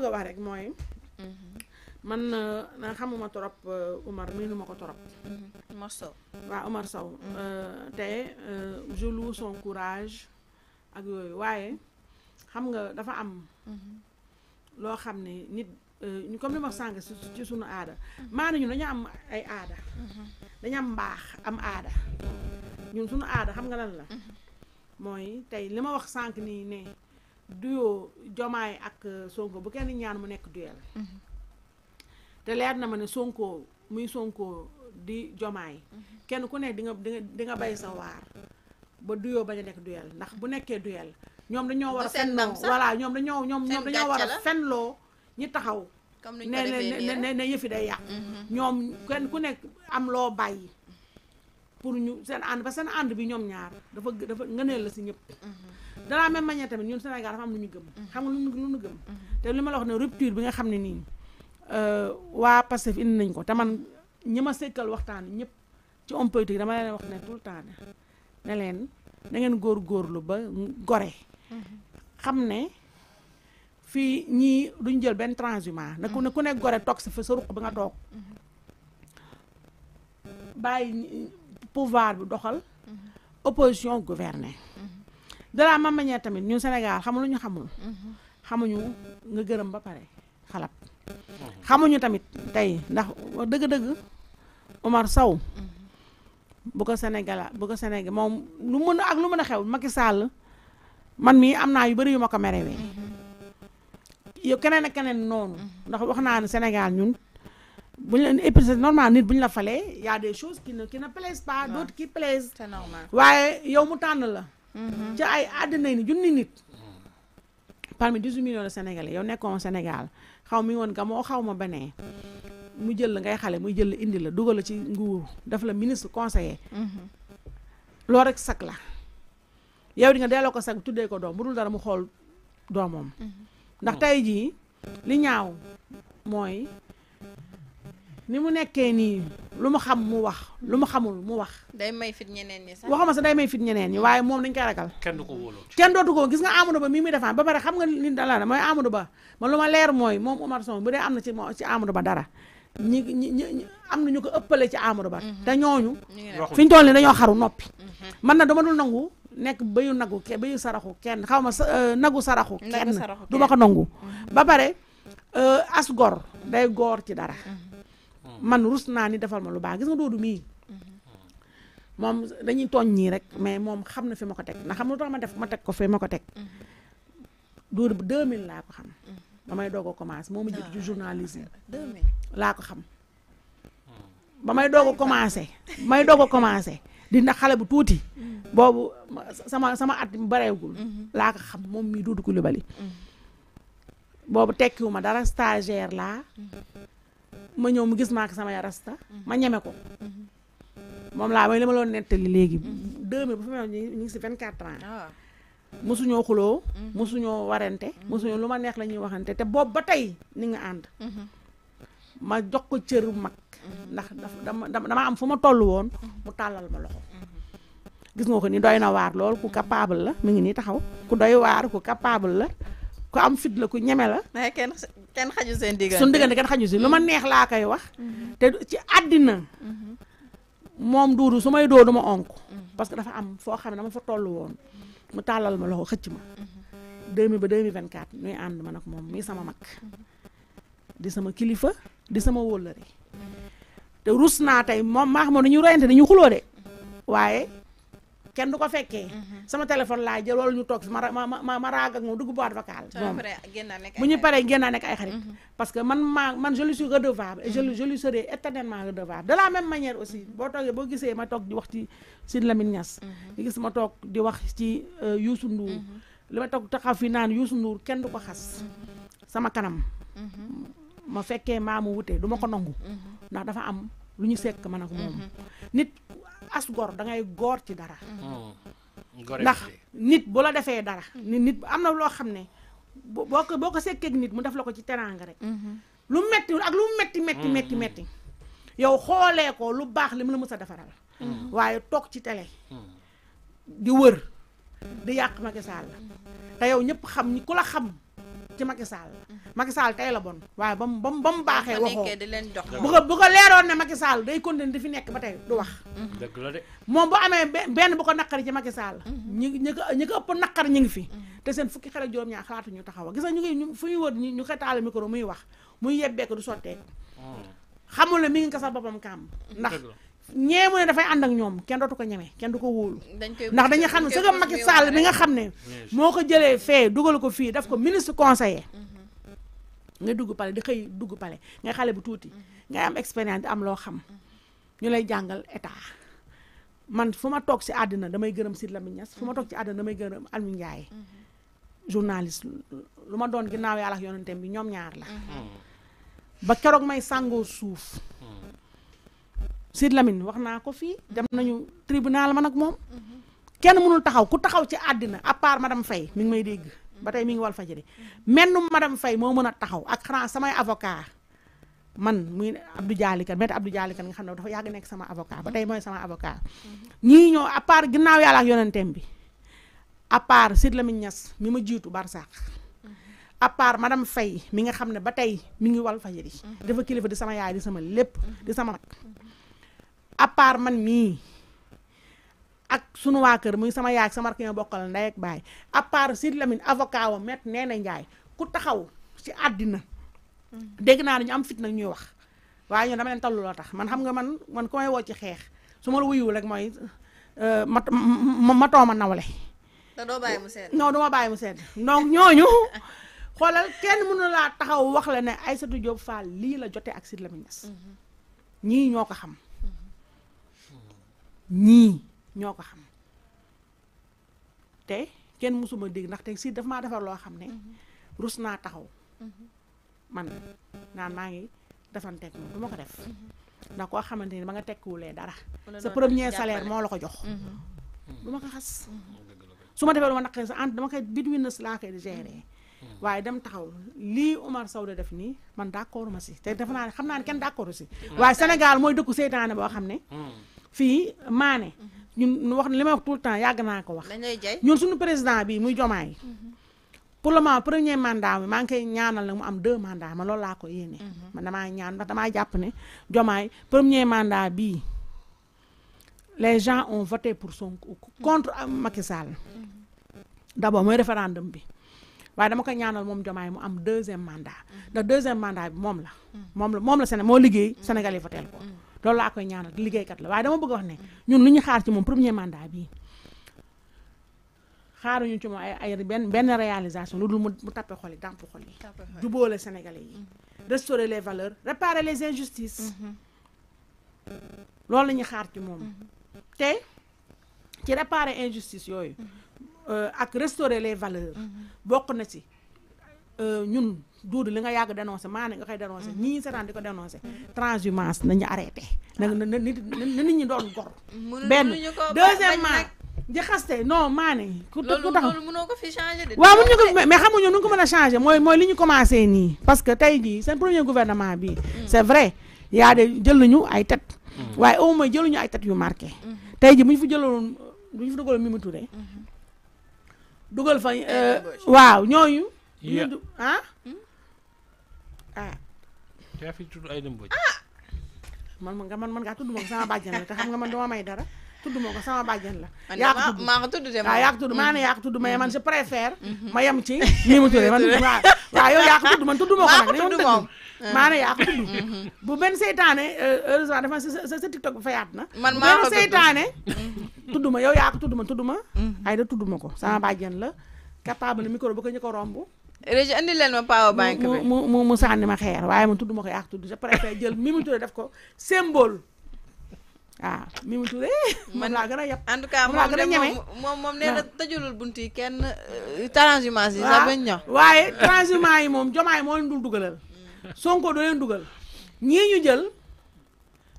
bëgg a wax rek mooy. Mm-hmm. man euh, xamuma trop Omar euh, miinuma ko trop. Omar mm-hmm. Sow waaw Omar Sow. Mm-hmm. Euh, te je son courage ak yooyu waaye xam nga dafa am. loo xam ne nit ñu comme li ma sànq ci suñu aada. maanaam ñun dañu am ay aada. dañu am mbaax am aada. ñun suñu aada xam nga lan la. mooy tey li ma wax sànq nii ne. duo Jomaay ak euh, Sonko bu kenn ñaan mu nekk duel mm-hmm. te leer na ma ne Sonko muy Sonko di Jomaay mm-hmm. kenn ku nekk di nga di nga bay sa waar ba duyoo bañ a nekk duel ndax bu nekkee duel ñoom dañoo war a fenloo voilà ñoom dañoo ñoom ñoom dañoo war a loo ñi taxaw ne ne ne yëfi day yàq mm-hmm. ñoom kenn ku nekk am loo bàyyi pour ñu seen and ba seen and bi ñom ñaar dafa dafa ngëneel la ci ñep da la même manière tamit ñun Sénégal dafa am lu ñu gëm mhm. xam nga lu lu ñu gëm mhm. té lima la wax né rupture bi nga xam ni euh wa passé fi nañ ko té man ñima sékkal waxtaan ñep ci on politique dama leen wax né tout temps né leen na ngeen lu ba gore mhm. xam ne fii ñii duñ jël ben transhumant nak ku ne ku ne goré tok sa fa sa ruq bi nga tok bàyyi pouvoir bi doxal opposition gouverner de la même tamit ñun Sénégal xam lu ñu xamul xamuñu nga gërëm ba pare xalab xamuñu tamit tey ndax dëgg-dëgg Omar Sow bu ko Sénégal bu Sénégal moom lu mën ak lu mën a xew Macky sàll man mii am naa yu bëri yu ma ko merewee yow keneen ak keneen noonu ndax wax naa ne Sénégal ñun bu ñu leen et puis c'est normal nit bu ñu la falee y a des choses qui ne qui ne plaisent pas waaye yow mu tànn la mm-hmm. ci ay àddina ni junni nit parmi 18 millions de sénégalais yow nekkoon Sénégal xaw mi woon nga moo xaw ma benee mu jël la ngay xale muy jël la indi la dugal la ci nguur daf la ministre conseiller mm-hmm. loolu rek sag la yow di nga delloo ko sag tuddee ko doom bu dul dara mu xool doomam mm-hmm. ndax tey jii li ñaaw mooy ni mu nekkee nii lu mu xam mu wax lu mu xamul mu wax. day may fit ñeneen ñi sax waxuma sa day may fit ñeneen ñi waaye moom dañ koy ragal. kenn du ko wóolu kenn dootu ko gis nga Amadou Ba mii muy defaan ba pare xam nga li dala mooy Amadou Ba man lu ma leer mooy moom Omar Sow bu dee am na ci ci Amadou Ba dara. ñi ñi am na ñu ko ëppale ci Amadou Ba. Mhm. te ñooñu. fi ñu toll nii dañoo xaru noppi. Mhm. man na dama dul nangu nekk bayu nagu ke bayu saraxu kenn xaw ma euh, nagu saraxu. kenn du ma ko nangu. Mhm. ba pare euh, as gor day goor ci dara. man rus naa ni defal ma lu baax gis nga doodu mii moom dañuy tooñ ñii rek mais moom xam na fi ma ko teg ndax xam lu tax ma def ma teg ko fi ma ko teg doodu 2000 laa ko xam ba may doog commencé moo ma jiitu ci journalisme laa ko xam ba may doog a commencé may doog a commencé di xale bu tuuti boobu sama sama at bareegul laa ko xam moom mii Doudou Coulibaly mm-hmm. boobu tekkiwu ma dara stagiaire laa ma ñëw mu gis ma samay rasta mhm. ma ñeme ko moom laa may li ma loon nettali léegi mhm. deux mille bu fa ñu ngi si vingt quatre ans ah. mosuñoo xuloo mhm. mosuñoo warante mosuñoo lu ma neex la ñuy waxante te boob ba tey ni nga ànd ma jox ko cëru mag ndax daf dama dama am fu ma toll woon mu tàllal ma loxo gis nga ko ni doy na waar lool ku capable la mu ngi nii taxaw ku doy waar ku capable la ku am fit la ku ñeme la kenn xaju seen diggante suñu diggante kenn xaju si lu ma neex laa koy wax. Mm-hmm. te ci àddina. Mm-hmm. moom duudu su may doo du ma onk. Mm-hmm. parce que dafa am foo xam ne dama fa toll woon mu tàllal ma loxo xëcc ma. 2000 ba 2024 ñuy ànd ma nag moom mii sama mag. di sama kilifa di sama wóllëre. te rus naa tey moom maax xamoon dañuy royante dañuy xuloo de waaye. kenn du ko fekkee. Mhm. sama téléphone laa jël wala ñu toog fi ma ma ma ma raag ak moom dugg boîte vocale. moom ñu paree génn nekk ay xarit. Mhm. parce que man maa man je lui suis redevable. et je mhm. je lui serai éternellement redevable de la même manière aussi boo toogee boo gisee ma toog di wax ci Sidi Lamine Niass. di gis ma toog di wax ci euh, Youssou Ndour. li ma toog taxaw fi naan Youssou Ndour kenn du ko xas. sama kanam. ma fekkee maamu wute du ma ko nangu. ndax dafa am. lu ñu sekk man ak moom mm-hmm. nit as gor da ngay gor ci dara mm-hmm. ndax nit bu la defee dara nit nit am na loo xam ne boo ko nit mu def la ko ci teranga rek mm-hmm. lu metti ak lu metti metti metti metti yow xoolee ko lu baax li mu la mës a defaral waaye toog ci télé di wër di yàq Macky Sall te xam ñi ku xam ci Macky Sall Macky Sall tey la bon waaye ba mu ba mu ba mu baaxee waxoo bu ko bu ko leeroon ne Macky Sall day continuer di fi nekk ba tey du wax dëgg moom bu amee benn bu ko naqari ci Macky Sall ñi ñi ko ñi ko ëpp naqari ñu ngi fi te seen fukki xel ak juróom-ñaar xalaatu ñu taxaw gis nga ñu ngi ñu fu ñu wër ñu koy taal micro muy wax muy yebbee ko du sottee oh. xamul ne mi ngi ko sa boppam kaam ndax ñeemu ne dafay and ak ñoom kenn dootu ko ñeme kenn du ko wóolu ndax dañu xam ne sëgam Macky Sall mi nga xam ne moo ko jëlee fee dugal ko fii daf ko mm-hmm. ministre conseiller mm-hmm. nga dugg pale di xëy dugg pale nga xale bu tuuti mm-hmm. ngay am expérience am loo xam ñu lay jàngal état man fu ma toog si àddina damay gërëm Sidy Lamine Niass fu ma toog si àddina damay gërëm almi Ndiaye journaliste lu ma doon ginnaaw yàlla ak yonenteem bi ñoom ñaar la mm. ba keroog may sàngoo suuf Sid Lamine waxna ko fi dem nañu tribunal man ak mom kenn mënul taxaw ku taxaw ci adina ming part madame fay mi ngi may deg batay mi ngi wal fajeri mennu madame fay mo meuna taxaw ak xana sama avocat man muy Abdou Dialikan met Abdou Dialikan nga xam dafa yag nek sama avocat batay moy sama avocat ñi ñoo a part tembi yalla ak yonentem bi a part Sid Lamine ñass mi ma jiitu barsàq a part madame fay mi nga xamne batay mi ngi wal fajeri dafa kilifa di sama yaay di sama lepp di sama à man mii ak sunu waa kër muy sama yaay sama rakk ñoo bokkal ndey ak baay à part Sidi Lamine avocat wa met nee na Njaay ku taxaw ci àddina mm. dégg naa dañu am fit nag ñuy wax waaye ñoo dama leen tallu loo tax man xam nga man man ku may woo ci xeex su ma la wuyuwul rek mooy euh, ma ma ma nawle. te doo bàyyi mu sedd. non du ñooñu xoolal kenn mënu laa taxaw wax la ne Aïssatou Diop Fall lii la jotee ak Sidi Lamine Niass mm-hmm. ñii ñoo ko xam. ñii ñoo ko xam te kenn mësuma dégg ndax te si daf maa defar loo xam ne mhm. rus naa taxaw mhm. man naan maa ngi defanteeg moom du ma ko def mhm. ndax koo xamante ni ba nga tekkiwulee dara sa première salaire moo la ko jox du ma ko xas su ma defee lu ma naqari sa ant dama koy bidwinas laa koy gérer waaye dem taxaw lii Omar Sow da def nii man d'accord ma si te def naa ne xam naa ne kenn d'accord si waaye Sénégal mooy dëkku seytaane boo xam ne fii maane. ñun nu wax li ma wax tout le temps yàgg naa ko wax. ñun suñu président bi muy Jomaay. pour le moment premier mandat bi maa ngi koy ñaanal nag mu am deux mandats ma loolu laa ko yéene. Mhm. man damaa ñaan ndax damaa jàpp ne Jomaay premier mandat bii le gens ont voté pour Sonko contre Macky Sall. Mhm. d' abord mooy référendum bi. waaye dama koy ñaanal moom Diomaye mu am deuxième mandat ndax mhm. deuxième mandat bi moom la moom la moom la Séné moo liggéey sénégali yi voteel ko loolu laa koy ñaanal liggéeykat la waaye dama bëgg wax ne ñun lu ñu xaar ci moom premier mandat bii xaaruñu ci moom ay ay benn benn réalisation lu dul mu tappe xol yi dàmp xol yi jubóole sénégalais yi mm-hmm. restaurer les valeurs réparer les injustices mm-hmm. loolu la ñu xaar ci moom mm-hmm. te ci réparer injustice yooyu euh, ak restaurer les valeurs bokk na ci euh, ñun duudu li nga yàgg dénoncé maa ne nga koy dénoncé ñii seetaan di ko dénoncé transhumance nañu arrêté na nit ñi doon gor benn ko fi mais xamuñu nu ko mën a changé mooy mooy li ñu commencé nii parce que tey jii seen premier gouvernement bi mm. c'est vrai yaa de jël nañu ay tête mm. waaye au moins jëluñu ay tête yu marqué mm-hmm. tey jii bu ñu fi jëloon bu ñu fi dugaloon Mimi Touré te fi tuddu ay dembo ah man man man man ka tuddu mako sama bajjan la te xam nga man dama may dara tuddu mako sama bajjan la ya ko tuddu ma ko tuddu de ma ya ko tuddu ma ne ya ko tuddu man je préfère ma yam ci ni mu tudde man wa yow ya ko tuddu man tuddu mako nak tuddu mom ma ne ya ko tuddu bu ben seytane eh, heureusement eh, dafa sa tiktok fa yaat na man ma ko seytane tuddu ma yow ya ko tuddu man tuddu ma ay da tuddu mako sama bajjan la capable micro bu ko ñiko rombu Régis indi leen ma power bank bi mu mu mu ma xeer waaye man tudd ma ko yàq tudd je préfère jël Mimi Touré def ko symbole waaw ah, Mimi Touré. man laa gën a yab en tout cas moom de moom moom nee na ah. bunt yi kenn euh, transhumance yi sax bañ waaye transhumance yi moom jomaay moo leen dul dugalal. Mm. Sonko doo dugal ñii ñu jël.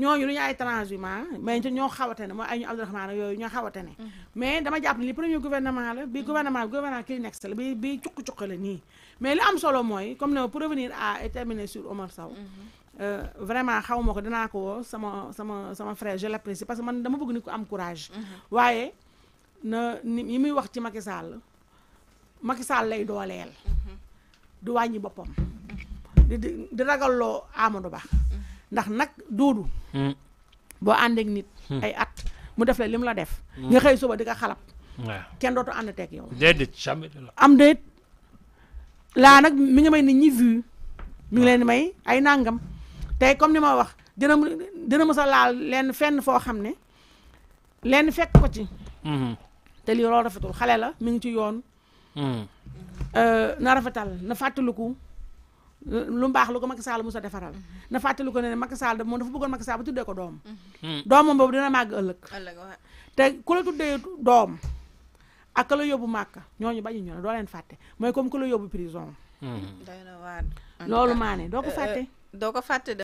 ñooñu lu ñu ay transhumant mais ñoo xawate ne mooy ay ñu Abdourahmane yooyu ñoo xawate ne mm-hmm. mais dama jàpp ne li premier gouvernement la bi mm-hmm. gouvernement bi gouvernement kii nekk la bi cuq-cuq la nii mais li am solo mooy comme ne pour revenir à et sur Omar Sow mm-hmm. euh, vraiment xaw ma ko danaa ko sama sama sama frère je l'apprécie parce que man dama bëgg ni ko am courage waaye na ni yi muy wax ci Macky Sall Macky Sall lay dooleel du wàññi boppam di di ragal loo Amadou Ba ndax nag doodu hmm. boo àndeek nit hmm. ay at mu def la li mu la def hmm. nga xëy suba di ko xalab kenn dootu ànd teeg yow am déet laa nag mi ngi may nit ñi vu mi ngi leen may ay nàngam tey comme ni ma wax dina dina mës a laal leen fenn foo xam ne leen fekk ko ci te lii loolu rafetul xale la mi ngi ci yoon euh, na rafetal na fàttaliku lu mbaax lu ko Macky Sall musa defaral na fàttali ko ne ne Macky Sall da moom dafa bëggoon Macky Sall ba tuddee ko doom hmm. doomam boobu dina màgg ëllëg te ku la tuddee doom ak ku la yóbbu màkk ñooñu bañu ñu ne doo leen fàtte mooy comme ku la yóbbu prison hmm. loolu maa doo ko fàtte eh, eh, doo ko fàtte